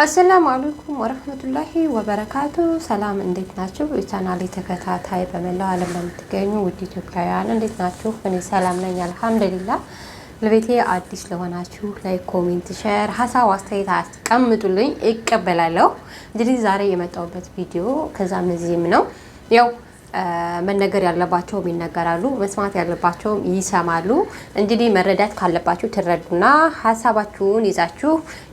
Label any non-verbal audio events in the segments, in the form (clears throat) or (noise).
አሰላሙ አለይኩም ወረህመቱላሂ ወበረካቱ። ሰላም እንዴት ናችሁ? የቻናሌ ተከታታይ በመላው ዓለም ለምትገኙ ውድ ኢትዮጵያውያን እንዴት ናችሁ? እኔ ሰላም ነኝ አልሐምዱሊላህ። ለቤቴ አዲስ ለሆናችሁ ላይክ፣ ኮሜንት፣ ሼር፣ ሀሳብ አስተያየት አስቀምጡልኝ፣ ይቀበላለሁ። እንግዲህ ዛሬ የመጣሁበት ቪዲዮ ከዛም እዚህም ነው ያው መነገር ያለባቸውም ይነገራሉ፣ መስማት ያለባቸውም ይሰማሉ። እንግዲህ መረዳት ካለባችሁ ትረዱና ሀሳባችሁን ይዛችሁ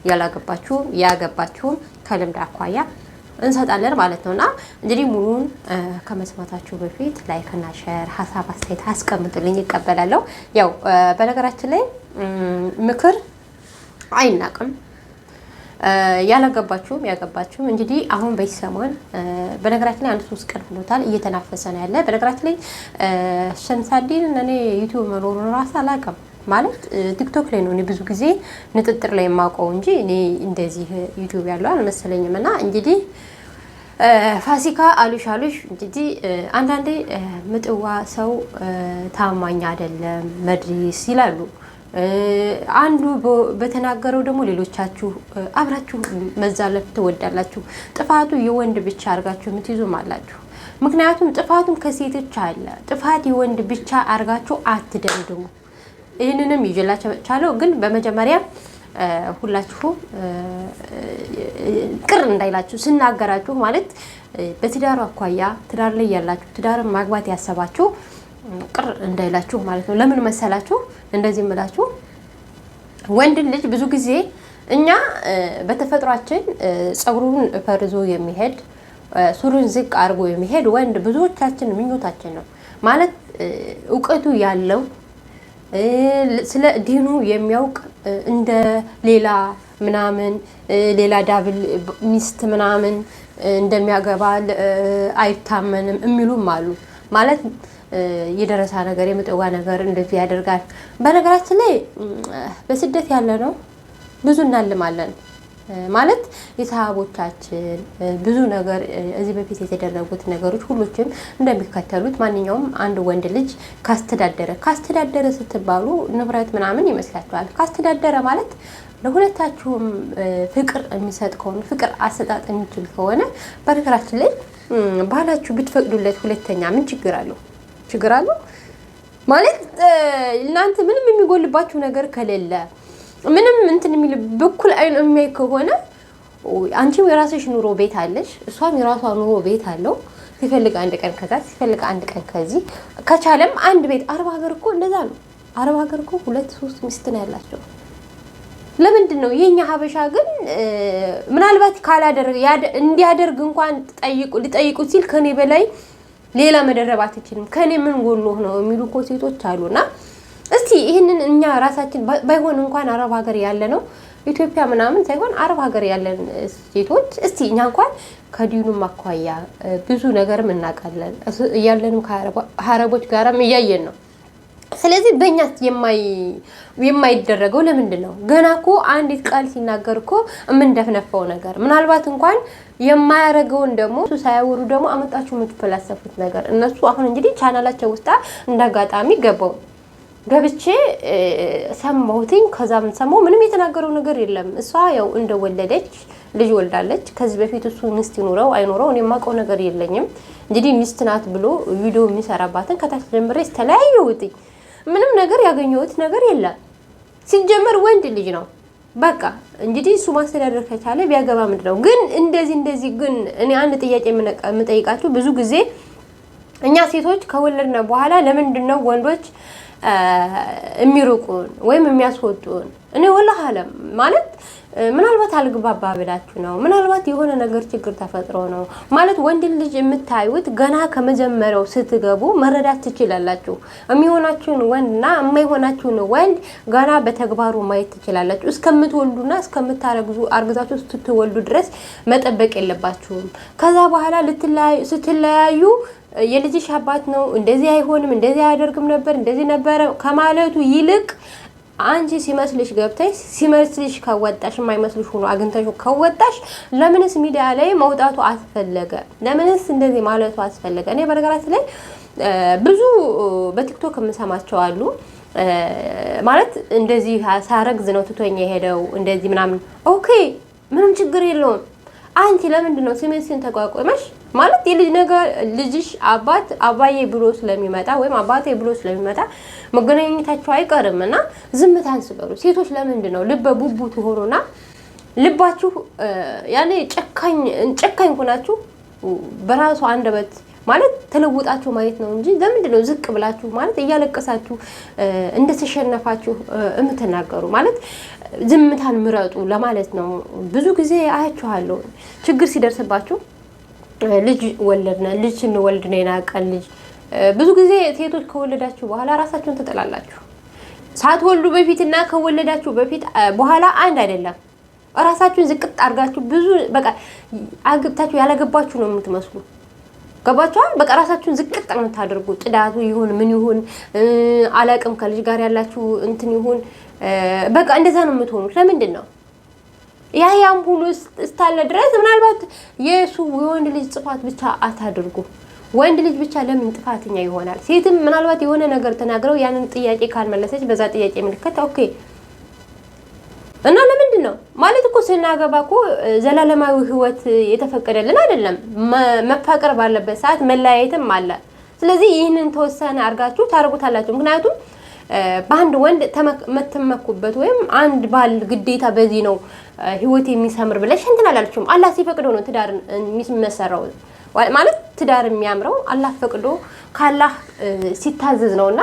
ያላገባችሁም ያገባችሁም ከልምድ አኳያ እንሰጣለን ማለት ነው። እና እንግዲህ ሙሉን ከመስማታችሁ በፊት ላይክና ሸር፣ ሀሳብ አስተያየት አስቀምጡልኝ፣ ይቀበላለሁ። ያው በነገራችን ላይ ምክር አይናቅም ያላገባችሁም ያገባችሁም እንግዲህ አሁን በዚህ ሰሞን በነገራችን ላይ አንድ ሶስት ቀን ብሎታል እየተናፈሰ ነው ያለ። በነገራችን ላይ ሸንሳዲን እኔ ዩቲዩብ መኖሩን ራስ አላውቅም። ማለት ቲክቶክ ላይ ነው እኔ ብዙ ጊዜ ንጥጥር ላይ የማውቀው እንጂ እኔ እንደዚህ ዩቲዩብ ያለው አልመሰለኝም። እና እንግዲህ ፋሲካ አሉሽ አሉሽ እንግዲህ አንዳንዴ ምጥዋ ሰው ታማኝ አይደለም መድሪስ ይላሉ አንዱ በተናገረው ደግሞ ሌሎቻችሁ አብራችሁ መዛለፍ ትወዳላችሁ። ጥፋቱ የወንድ ብቻ አድርጋችሁ የምትይዙም አላችሁ። ምክንያቱም ጥፋቱም ከሴቶች አለ። ጥፋት የወንድ ብቻ አድርጋችሁ አትደምድሙ። ይህንንም ይዤላችሁ መጥቻለሁ። ግን በመጀመሪያ ሁላችሁ ቅር እንዳይላችሁ ስናገራችሁ ማለት በትዳሩ አኳያ ትዳር ላይ ያላችሁ ትዳርን ማግባት ያሰባችሁ ቅር እንዳይላችሁ ማለት ነው። ለምን መሰላችሁ እንደዚህ ምላችሁ? ወንድ ልጅ ብዙ ጊዜ እኛ በተፈጥሯችን ፀጉሩን ፈርዞ የሚሄድ ሱሪን ዝቅ አድርጎ የሚሄድ ወንድ ብዙዎቻችን ምኞታችን ነው። ማለት እውቀቱ ያለው ስለ ዲኑ የሚያውቅ እንደ ሌላ ምናምን ሌላ ዳብል ሚስት ምናምን እንደሚያገባ አይታመንም የሚሉም አሉ ማለት የደረሳ ነገር የምጠዋ ነገር እንደዚህ ያደርጋል። በነገራችን ላይ በስደት ያለ ነው ብዙ እናልማለን ማለት የሰሃቦቻችን ብዙ ነገር እዚህ በፊት የተደረጉት ነገሮች ሁሎችም እንደሚከተሉት ማንኛውም አንድ ወንድ ልጅ ካስተዳደረ ካስተዳደረ ስትባሉ ንብረት ምናምን ይመስላችኋል። ካስተዳደረ ማለት ለሁለታችሁም ፍቅር የሚሰጥ ከሆነ ፍቅር አሰጣጥ የሚችል ከሆነ በነገራችን ላይ ባህላችሁ ብትፈቅዱለት ሁለተኛ ምን ችግር አለው? ችግር አለው ማለት እናንተ ምንም የሚጎልባችሁ ነገር ከሌለ ምንም እንትን የሚል በኩል አይን የሚያይ ከሆነ አንቺም የራስሽ ኑሮ ቤት አለሽ፣ እሷም የራሷ ኑሮ ቤት አለው። ሲፈልግ አንድ ቀን ከዛ ሲፈልግ አንድ ቀን ከዚህ ከቻለም አንድ ቤት። አረብ ሀገር እኮ እንደዛ ነው። አረብ ሀገር እኮ ሁለት ሶስት ሚስት ነው ያላቸው። ለምንድን ነው የኛ ሀበሻ ግን ምናልባት ካላደረገ እንዲያደርግ እንኳን ሊጠይቁት ሲል ከኔ በላይ ሌላ መደረብ አትችልም፣ ከኔ ምን ጎሎህ ነው የሚሉ እኮ ሴቶች አሉና እስቲ ይህንን እኛ ራሳችን ባይሆን እንኳን አረብ ሀገር ያለ ነው ኢትዮጵያ ምናምን ሳይሆን አረብ ሀገር ያለን ሴቶች እስቲ እኛ እንኳን ከዲኑም አኳያ ብዙ ነገርም እናውቃለን። እያለንም ከአረቦች ጋርም እያየን ነው። ስለዚህ በእኛ የማይደረገው ለምንድን ነው? ገና እኮ አንዲት ቃል ሲናገር እኮ የምንደፍነፈው ነገር ምናልባት እንኳን የማያረገውን ደግሞ እሱ ሳያወሩ ደግሞ አመጣችሁ የምትፈላሰፉት ነገር እነሱ አሁን እንግዲህ ቻናላቸው ውስጣ እንዳጋጣሚ ገባው ገብቼ ሰማሁትኝ። ከዛ ምን ምንም የተናገረው ነገር የለም። እሷ ያው እንደወለደች ልጅ ወልዳለች። ከዚህ በፊት እሱ ሚስት ይኑረው አይኖረው እኔ የማውቀው ነገር የለኝም። እንግዲህ ሚስት ናት ብሎ ቪዲዮ የሚሰራባትን ከታች ጀምሬ ተለያዩ ውጥኝ ምንም ነገር ያገኘሁት ነገር የለም። ሲጀመር ወንድ ልጅ ነው። በቃ እንግዲህ እሱ ማስተዳደር ከቻለ ቢያገባ ምንድን ነው ግን እንደዚህ እንደዚህ ግን እኔ አንድ ጥያቄ የምጠይቃችሁ ብዙ ጊዜ እኛ ሴቶች ከወለድነ በኋላ ለምንድን ነው ወንዶች የሚርቁን ወይም የሚያስወጡን? እኔ ወላህ አለም ማለት ምናልባት አልግባባ ብላችሁ ነው፣ ምናልባት የሆነ ነገር ችግር ተፈጥሮ ነው ማለት ወንድን ልጅ የምታዩት ገና ከመጀመሪያው ስትገቡ መረዳት ትችላላችሁ። የሚሆናችሁን ወንድና የማይሆናችሁን ወንድ ገና በተግባሩ ማየት ትችላላችሁ። እስከምትወልዱና እስከምታረግዙ አርግዛችሁ ስትወልዱ ድረስ መጠበቅ የለባችሁም። ከዛ በኋላ ስትለያዩ የልጅሽ አባት ነው እንደዚህ አይሆንም፣ እንደዚህ አያደርግም ነበር፣ እንደዚህ ነበረ ከማለቱ ይልቅ አንቺ ሲመስልሽ ገብተሽ ሲመስልሽ ከወጣሽ የማይመስልሽ ሆኖ አግኝተሽ ከወጣሽ ለምንስ ሚዲያ ላይ መውጣቱ አስፈለገ? ለምንስ እንደዚህ ማለቱ አስፈለገ? እኔ በነገራችን ላይ ብዙ በቲክቶክ የምሰማቸው አሉ። ማለት እንደዚህ ሳረግዝ ነው ትቶኝ የሄደው እንደዚህ ምናምን። ኦኬ ምንም ችግር የለውም። አንቺ ለምንድን ነው ስሜትሽን ተቋቁመሽ ማለት የልጅ ነገር ልጅሽ አባት አባዬ ብሎ ስለሚመጣ ወይም አባቴ ብሎ ስለሚመጣ መገናኘታቸው አይቀርም እና ዝምታን ስበሩ። ሴቶች ለምንድን ነው ልበ ቡቡ ትሆኑና ልባችሁ ያኔ ጨካኝ ጨካኝ ሆናችሁ በራሱ አንደበት ማለት ተለውጣችሁ ማየት ነው እንጂ ለምንድን ነው ዝቅ ብላችሁ ማለት እያለቀሳችሁ እንደተሸነፋችሁ የምትናገሩ? ማለት ዝምታን ምረጡ ለማለት ነው። ብዙ ጊዜ አያችኋለሁ ችግር ሲደርስባችሁ ልጅ ወለድነ ልጅ ስንወልድ ነው የናቀን ልጅ። ብዙ ጊዜ ሴቶች ከወለዳችሁ በኋላ ራሳችሁን ትጥላላችሁ ሳትወልዱ በፊትና ከወለዳችሁ በፊት በኋላ አንድ አይደለም። ራሳችሁን ዝቅጥ አድርጋችሁ ብዙ በቃ አግብታችሁ ያላገባችሁ ነው የምትመስሉ። ገባችኋል? በቃ ራሳችሁን ዝቅጥ ነው የምታደርጉ። ጥዳቱ ይሁን ምን ይሁን አላቅም፣ ከልጅ ጋር ያላችሁ እንትን ይሁን በቃ እንደዛ ነው የምትሆኑት። ለምንድን ነው ያያም ሁሉ እስካለ ድረስ ምናልባት የሱ የወንድ ልጅ ጥፋት ብቻ አታድርጉ። ወንድ ልጅ ብቻ ለምን ጥፋተኛ ይሆናል? ሴትም ምናልባት የሆነ ነገር ተናግረው ያንን ጥያቄ ካልመለሰች በዛ ጥያቄ ምልክት ኦኬ እና ለምንድን ነው ማለት እኮ ስናገባ እኮ ዘላለማዊ ህይወት የተፈቀደልን አይደለም። መፋቀር ባለበት ሰዓት መለያየትም አለ። ስለዚህ ይህንን ተወሰነ አድርጋችሁ ታደርጉታላችሁ። ምክንያቱም በአንድ ወንድ መተመኩበት ወይም አንድ ባል ግዴታ በዚህ ነው ህይወት የሚሰምር ብለሽ እንትን አላልችም። አላህ ሲፈቅዶ ነው ትዳር የሚመሰረው ማለት ትዳር የሚያምረው አላህ ፈቅዶ ካላህ ሲታዘዝ ነው። እና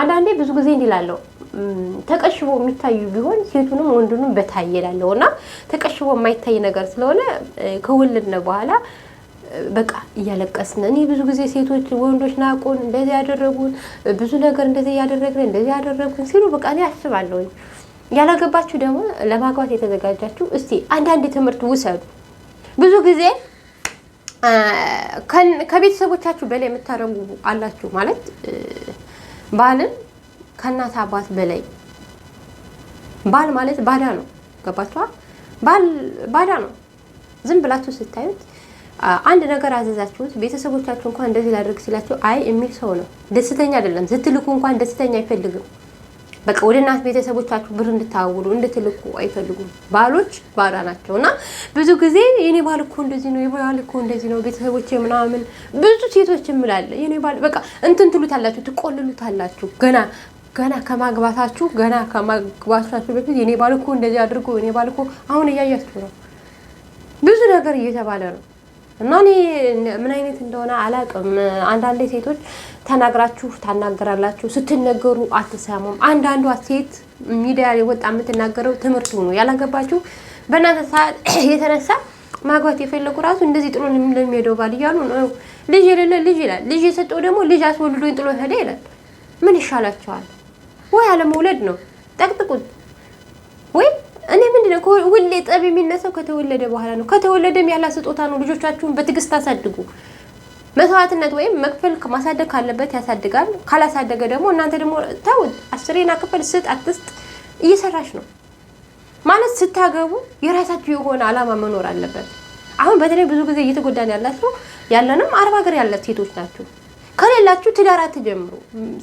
አንዳንዴ ብዙ ጊዜ እንዲላለው ተቀሽቦ የሚታዩ ቢሆን ሴቱንም ወንዱንም በታየ እላለሁ። እና ተቀሽቦ የማይታይ ነገር ስለሆነ ከወለድን በኋላ በቃ እያለቀስን እኔ ብዙ ጊዜ ሴቶች ወንዶች ናቁን፣ እንደዚህ ያደረጉን፣ ብዙ ነገር እንደዚህ ያደረግን፣ እንደዚህ ያደረጉን ሲሉ በቃ እኔ አስባለሁኝ ያላገባችሁ ደግሞ ለማግባት የተዘጋጃችሁ እስቲ አንዳንድ ትምህርት ውሰዱ። ብዙ ጊዜ ከቤተሰቦቻችሁ በላይ የምታረጉ አላችሁ። ማለት ባልን ከእናት አባት በላይ ባል ማለት ባዳ ነው። ገባችኋ? ባል ባዳ ነው። ዝም ብላችሁ ስታዩት አንድ ነገር አዘዛችሁት፣ ቤተሰቦቻችሁ እንኳን እንደዚህ ላደርግ ሲላችሁ አይ የሚል ሰው ነው። ደስተኛ አይደለም። ስትልኩ እንኳን ደስተኛ አይፈልግም። በቃ ወደ እናት ቤተሰቦቻችሁ ብር እንድታውሉ እንድትልኩ አይፈልጉም። ባሎች ባዳ ናቸው እና ብዙ ጊዜ የኔ ባል እኮ እንደዚህ ነው፣ የባል እኮ እንደዚህ ነው፣ ቤተሰቦች ምናምን ብዙ ሴቶች እምላለ የኔ ባል በቃ እንትን ትሉታላችሁ፣ ትቆልሉታላችሁ ገና ገና ከማግባታችሁ ገና ከማግባታችሁ በፊት የኔ ባል እኮ እንደዚህ አድርጎ የኔ ባል እኮ አሁን እያያችሁ ነው፣ ብዙ ነገር እየተባለ ነው። እና እኔ ምን አይነት እንደሆነ አላውቅም። አንዳንዴ ሴቶች ተናግራችሁ ታናገራላችሁ፣ ስትነገሩ አትሰሙም። አንዳንዷ ሴት ሚዲያ ላይ ወጣ የምትናገረው ትምህርቱ ነው ያላገባችሁ በእናንተ ሰዓት (clears throat) የተነሳ ማግባት የፈለጉ ራሱ እንደዚህ ጥሎ ለሚሄደው ባል እያሉ ነው። ልጅ የሌለ ልጅ ይላል። ልጅ የሰጠው ደግሞ ልጅ አስወልዶኝ ጥሎ ሄደ ይላል። ምን ይሻላቸዋል? ወይ አለመውለድ ነው። ጠቅጥቁት ነው። ሁሌ ጠብ የሚነሳው ከተወለደ በኋላ ነው። ከተወለደም ያላ ስጦታ ነው። ልጆቻችሁን በትዕግስት አሳድጉ። መስዋዕትነት ወይም መክፈል ማሳደግ ካለበት ያሳድጋል። ካላሳደገ ደግሞ እናንተ ደግሞ ተውት። አስሬና ክፍል ስጥ አትስጥ እየሰራች ነው ማለት ስታገቡ የራሳችሁ የሆነ አላማ መኖር አለበት። አሁን በተለይ ብዙ ጊዜ እየተጎዳን ያላችሁ ያለንም አረብ ሀገር ያለ ሴቶች ናችሁ። ከሌላችሁ ትዳር አትጀምሩ።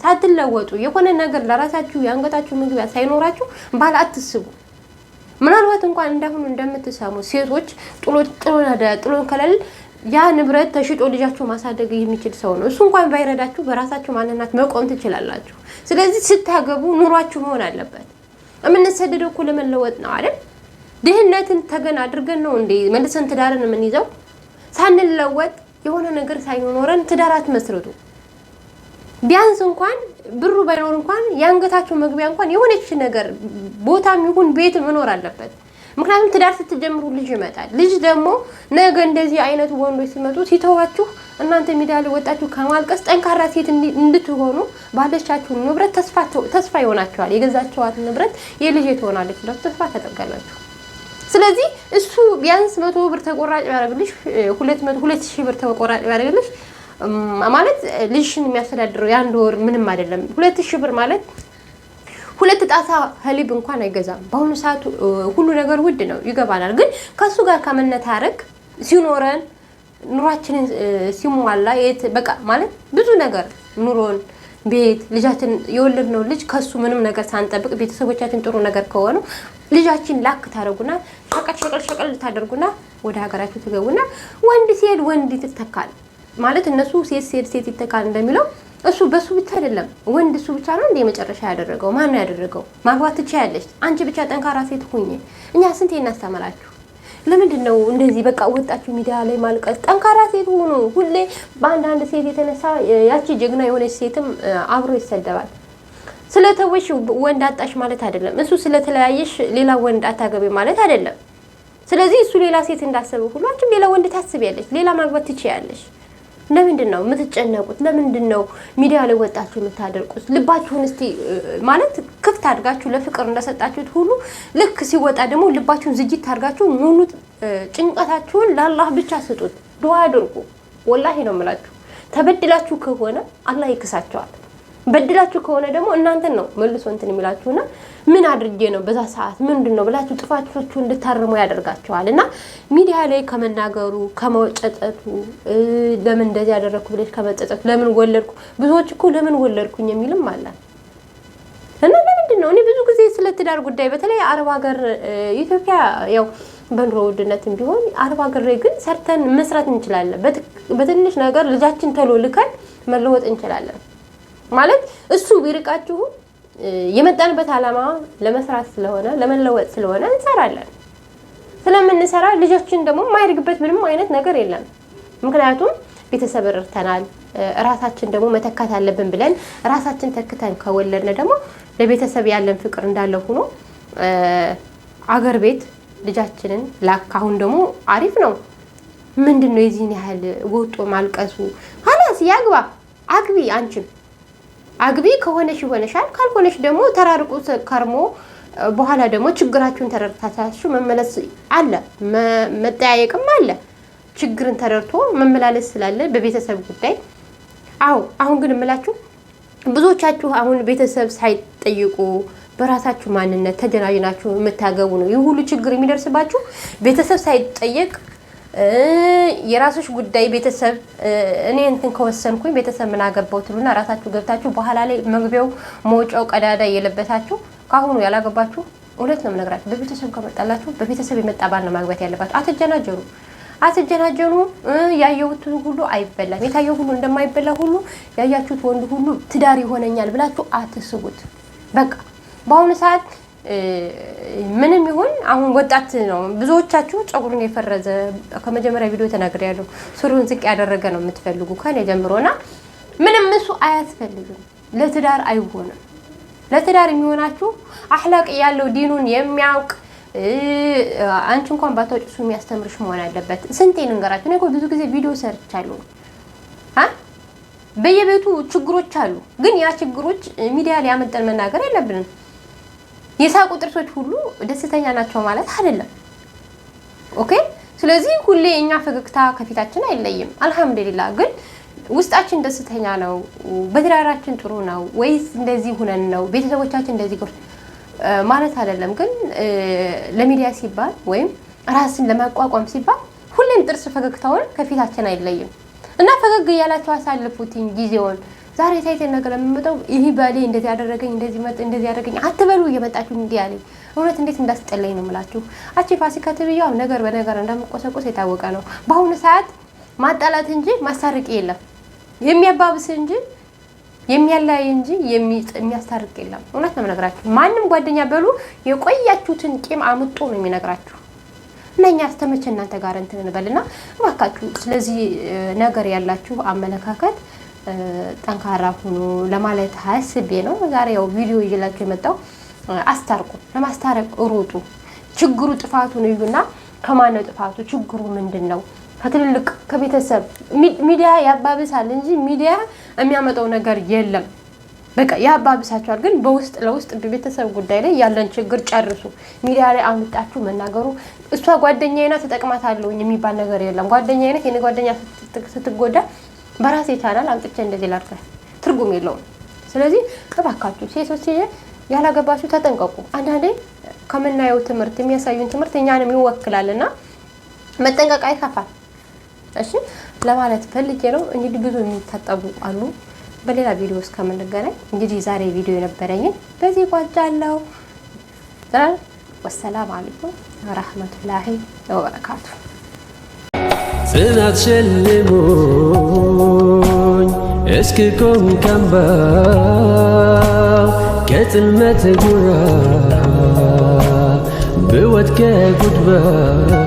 ሳትለወጡ የሆነ ነገር ለራሳችሁ የአንገታችሁ ምግብ ሳይኖራችሁ ባል አትስቡ። ምናልባት እንኳን እንዳሁኑ እንደምትሰሙ ሴቶች ጥሎ ከለል ያ ንብረት ተሽጦ ልጃችሁ ማሳደግ የሚችል ሰው ነው። እሱ እንኳን ባይረዳችሁ በራሳችሁ ማንነት መቆም ትችላላችሁ። ስለዚህ ስታገቡ ኑሯችሁ መሆን አለበት። የምንሰደደው እኮ ለመለወጥ ነው አይደል? ድህነትን ተገን አድርገን ነው እንዴ መልሰን ትዳርን የምንይዘው? ሳንለወጥ የሆነ ነገር ሳይኖረን ትዳር አትመስርቱ። ቢያንስ እንኳን ብሩ ባይኖር እንኳን የአንገታችሁ መግቢያ እንኳን የሆነች ነገር ቦታም ይሁን ቤት መኖር አለበት። ምክንያቱም ትዳር ስትጀምሩ ልጅ ይመጣል። ልጅ ደግሞ ነገ እንደዚህ አይነት ወንዶች ሲመጡ ሲተዋችሁ እናንተ ሜዳ ላይ ወጣችሁ ከማልቀስ ጠንካራ ሴት እንድትሆኑ ባለቻችሁ ንብረት ተስፋ ይሆናችኋል። የገዛችኋት ንብረት የልጅ ትሆናለች ብላችሁ ተስፋ ታደርጋላችሁ። ስለዚህ እሱ ቢያንስ መቶ ብር ተቆራጭ ያደርግልሽ፣ ሁለት ሺህ ብር ተቆራጭ ያደርግልሽ ማለት ልጅሽን የሚያስተዳድረው የአንድ ወር ምንም አይደለም። ሁለት ሺህ ብር ማለት ሁለት ጣሳ ህሊብ እንኳን አይገዛም። በአሁኑ ሰዓት ሁሉ ነገር ውድ ነው፣ ይገባናል። ግን ከእሱ ጋር ከመነታረክ ሲኖረን ኑሯችንን ሲሟላ የት በቃ ማለት ብዙ ነገር ኑሮን ቤት ልጃችን የወለድነው ልጅ ከሱ ምንም ነገር ሳንጠብቅ ቤተሰቦቻችን ጥሩ ነገር ከሆኑ ልጃችን ላክ ታደርጉና ሸቀል ሸቀል ሸቀል ታደርጉና ወደ ሀገራችሁ ትገቡና ወንድ ሲሄድ ወንድ ትተካል። ማለት እነሱ ሴት ሴት ሴት ይተካል እንደሚለው እሱ በሱ ብቻ አይደለም። ወንድ እሱ ብቻ ነው እንደ የመጨረሻ ያደረገው ማን ነው ያደረገው? ማግባት ትችያለሽ አንቺ ብቻ ጠንካራ ሴት ሁኝ። እኛ ስንት እናስተምራችሁ? ለምንድን ነው እንደዚህ በቃ ወጣችሁ ሚዲያ ላይ ማልቀስ? ጠንካራ ሴት ሆኖ ሁሌ በአንዳንድ ሴት የተነሳ ያቺ ጀግና የሆነች ሴትም አብሮ ይሰደባል። ስለተወሽ ወንድ አጣሽ ማለት አይደለም። እሱ ስለተለያየሽ ሌላ ወንድ አታገቢ ማለት አይደለም። ስለዚህ እሱ ሌላ ሴት እንዳሰበ ሁሉ አንቺም ሌላ ወንድ ታስቢያለሽ፣ ሌላ ማግባት ትችያለሽ። ለምንድን ነው የምትጨነቁት? ለምንድን ነው ሚዲያ ላይ ወጣችሁ የምታደርቁት? ልባችሁን እስቲ ማለት ክፍት አድርጋችሁ ለፍቅር እንደሰጣችሁት ሁሉ ልክ ሲወጣ ደግሞ ልባችሁን ዝጅት አድርጋችሁ ሙሉ ጭንቀታችሁን ለአላህ ብቻ ስጡት። ዱዓ አድርጉ። ወላሂ ነው የምላችሁ። ተበድላችሁ ከሆነ አላህ ይክሳቸዋል። በድላችሁ ከሆነ ደግሞ እናንተን ነው መልሶ እንትን የሚላችሁና ምን አድርጌ ነው በዛ ሰዓት ምንድን ነው ብላችሁ ጥፋቶቹ እንድታርሙ ያደርጋቸዋል። እና ሚዲያ ላይ ከመናገሩ ከመወጨጠቱ፣ ለምን እንደዚህ ያደረግኩ ብለሽ ከመጸጸቱ፣ ለምን ወለድኩ ብዙዎች እኮ ለምን ወለድኩኝ የሚልም አላል እና ለምንድን ነው እኔ ብዙ ጊዜ ስለ ትዳር ጉዳይ በተለይ አረብ ሀገር ኢትዮጵያ ያው በኑሮ ውድነትም ቢሆን አረብ ሀገር ላይ ግን ሰርተን መስራት እንችላለን። በትንሽ ነገር ልጃችን ተሎ ልከን መለወጥ እንችላለን ማለት እሱ ቢርቃችሁም የመጣንበት ዓላማ ለመስራት ስለሆነ ለመለወጥ ስለሆነ እንሰራለን። ስለምንሰራ ልጆችን ደግሞ የማያድግበት ምንም አይነት ነገር የለም። ምክንያቱም ቤተሰብ እርተናል፣ ራሳችን ደግሞ መተካት አለብን ብለን ራሳችን ተክተን ከወለድን ደግሞ ለቤተሰብ ያለን ፍቅር እንዳለ ሆኖ አገር ቤት ልጃችንን ላካሁን ደግሞ አሪፍ ነው። ምንድን ነው የዚህን ያህል ወጦ ማልቀሱ? ሀላስ ያግባ አግቢ አንቺም አግቢ ከሆነሽ ይሆነሻል፣ ካልሆነሽ ደግሞ ተራርቆ ከርሞ በኋላ ደግሞ ችግራችሁን ተረድታችሁ መመለስ አለ፣ መጠያየቅም አለ። ችግርን ተረድቶ መመላለስ ስላለ በቤተሰብ ጉዳይ። አዎ አሁን ግን እምላችሁ ብዙዎቻችሁ አሁን ቤተሰብ ሳይጠይቁ በራሳችሁ ማንነት ተጀናጅናችሁ የምታገቡ ነው። ይህ ሁሉ ችግር የሚደርስባችሁ ቤተሰብ ሳይጠየቅ የራሶች ጉዳይ ቤተሰብ እኔ እንትን ከወሰንኩኝ ቤተሰብ ምን አገባው ትሉና ራሳችሁ ገብታችሁ በኋላ ላይ መግቢያው መውጫው ቀዳዳ እየለበሳችሁ ከአሁኑ ያላገባችሁ እውነት ነው የምነግራችሁ። በቤተሰብ ከመጣላችሁ በቤተሰብ የመጣ ባል ነው ማግባት ያለባችሁ። አትጀናጀኑ አትጀናጀኑ። ያየሁት ሁሉ አይበላም፣ የታየው ሁሉ እንደማይበላ ሁሉ ያያችሁት ወንድ ሁሉ ትዳር ይሆነኛል ብላችሁ አትስቡት። በቃ በአሁኑ ሰዓት ምንም ይሁን አሁን ወጣት ነው። ብዙዎቻችሁ ጸጉሩን የፈረዘ ከመጀመሪያ ቪዲዮ ያለው ሱሪውን ዝቅ ያደረገ ነው የምትፈልጉ ከኔ ጀምሮና ምንም እሱ አያስፈልግም። ለትዳር አይሆንም። ለትዳር የሚሆናችሁ አህላቅ ያለው ዲኑን የሚያውቅ አንቺ እንኳን ባታወጭ እሱ የሚያስተምርሽ መሆን አለበት። ስንቴ ልንገራችሁ? እኔ እኮ ብዙ ጊዜ ቪዲዮ ሰርቻለሁ። በየቤቱ ችግሮች አሉ፣ ግን ያ ችግሮች ሚዲያ ሊያመጠን መናገር የለብንም። የሳቁ ጥርሶች ሁሉ ደስተኛ ናቸው ማለት አይደለም። ኦኬ። ስለዚህ ሁሌ እኛ ፈገግታ ከፊታችን አይለይም። አልሐምዱሊላ ግን ውስጣችን ደስተኛ ነው? በትዳራችን ጥሩ ነው ወይስ እንደዚህ ሁነን ነው? ቤተሰቦቻችን እንደዚህ ጉር ማለት አይደለም። ግን ለሚዲያ ሲባል ወይም ራስን ለማቋቋም ሲባል ሁሌም ጥርስ ፈገግታውን ከፊታችን አይለይም እና ፈገግ እያላቸው አሳልፉትኝ ጊዜውን ዛሬ ሳይቴን ነገር የምመጣው ይህ ባሌ እንደዚህ ያደረገኝ እንደዚህ መጥ እንደዚህ ያደረገኝ አትበሉ እየመጣችሁ እንዲህ አለኝ። እውነት እንዴት እንዳስጠላኝ ነው የምላችሁ። አቺ ፋሲካ ትብያው ነገር በነገር እንደምቆሰቆስ የታወቀ ነው። በአሁኑ ሰዓት ማጣላት እንጂ ማስታርቅ የለም። የሚያባብስ እንጂ የሚያለያይ እንጂ የሚያስታርቅ የለም። እውነት ነው የምነግራችሁ። ማንም ጓደኛ በሉ የቆያችሁትን ቂም አምጦ ነው የሚነግራችሁ። እና እኛ አስተመቸ እናንተ ጋር እንትን እንበልና እባካችሁ ስለዚህ ነገር ያላችሁ አመለካከት ጠንካራ ሁኑ ለማለት አስቤ ነው። ዛሬ ያው ቪዲዮ ይዤላችሁ የመጣው አስታርቁ፣ ለማስታረቅ ሩጡ። ችግሩ ጥፋቱን እዩና ነው ጥፋቱ? ችግሩ ምንድን ነው? ከትልልቅ ከቤተሰብ ሚዲያ ያባብሳል እንጂ ሚዲያ የሚያመጣው ነገር የለም። በቃ ያባብሳቸዋል። ግን በውስጥ ለውስጥ በቤተሰብ ጉዳይ ላይ ያለን ችግር ጨርሱ። ሚዲያ ላይ አምጣችሁ መናገሩ እሷ ጓደኛዬ ናት ተጠቅማታለሁ የሚባል ነገር የለም። ጓደኛዬ ናት የኔ ጓደኛ ስትጎዳ በራሴ ቻናል አምጥቼ እንደዚህ ላድርገህ ትርጉም የለውም። ስለዚህ እባካችሁ ሴቶች ያላገባችሁ ተጠንቀቁ። አንዳንዴ ከምናየው ትምህርት የሚያሳዩን ትምህርት እኛንም ይወክላል እና መጠንቀቅ አይከፋል። እሺ ለማለት ፈልጌ ነው። እንግዲህ ብዙ የሚታጠቡ አሉ። በሌላ ቪዲዮ እስከምንገናኝ እንግዲህ ዛሬ ቪዲዮ የነበረኝን በዚህ አለው። ወሰላም አለይኩም ወራህመቱላሂ ወበረካቱሁ። ጽናት ሸልሞኝ እስክቆም ካምባው ከጥልመት ጉራ ብወድቅ ከጉድባ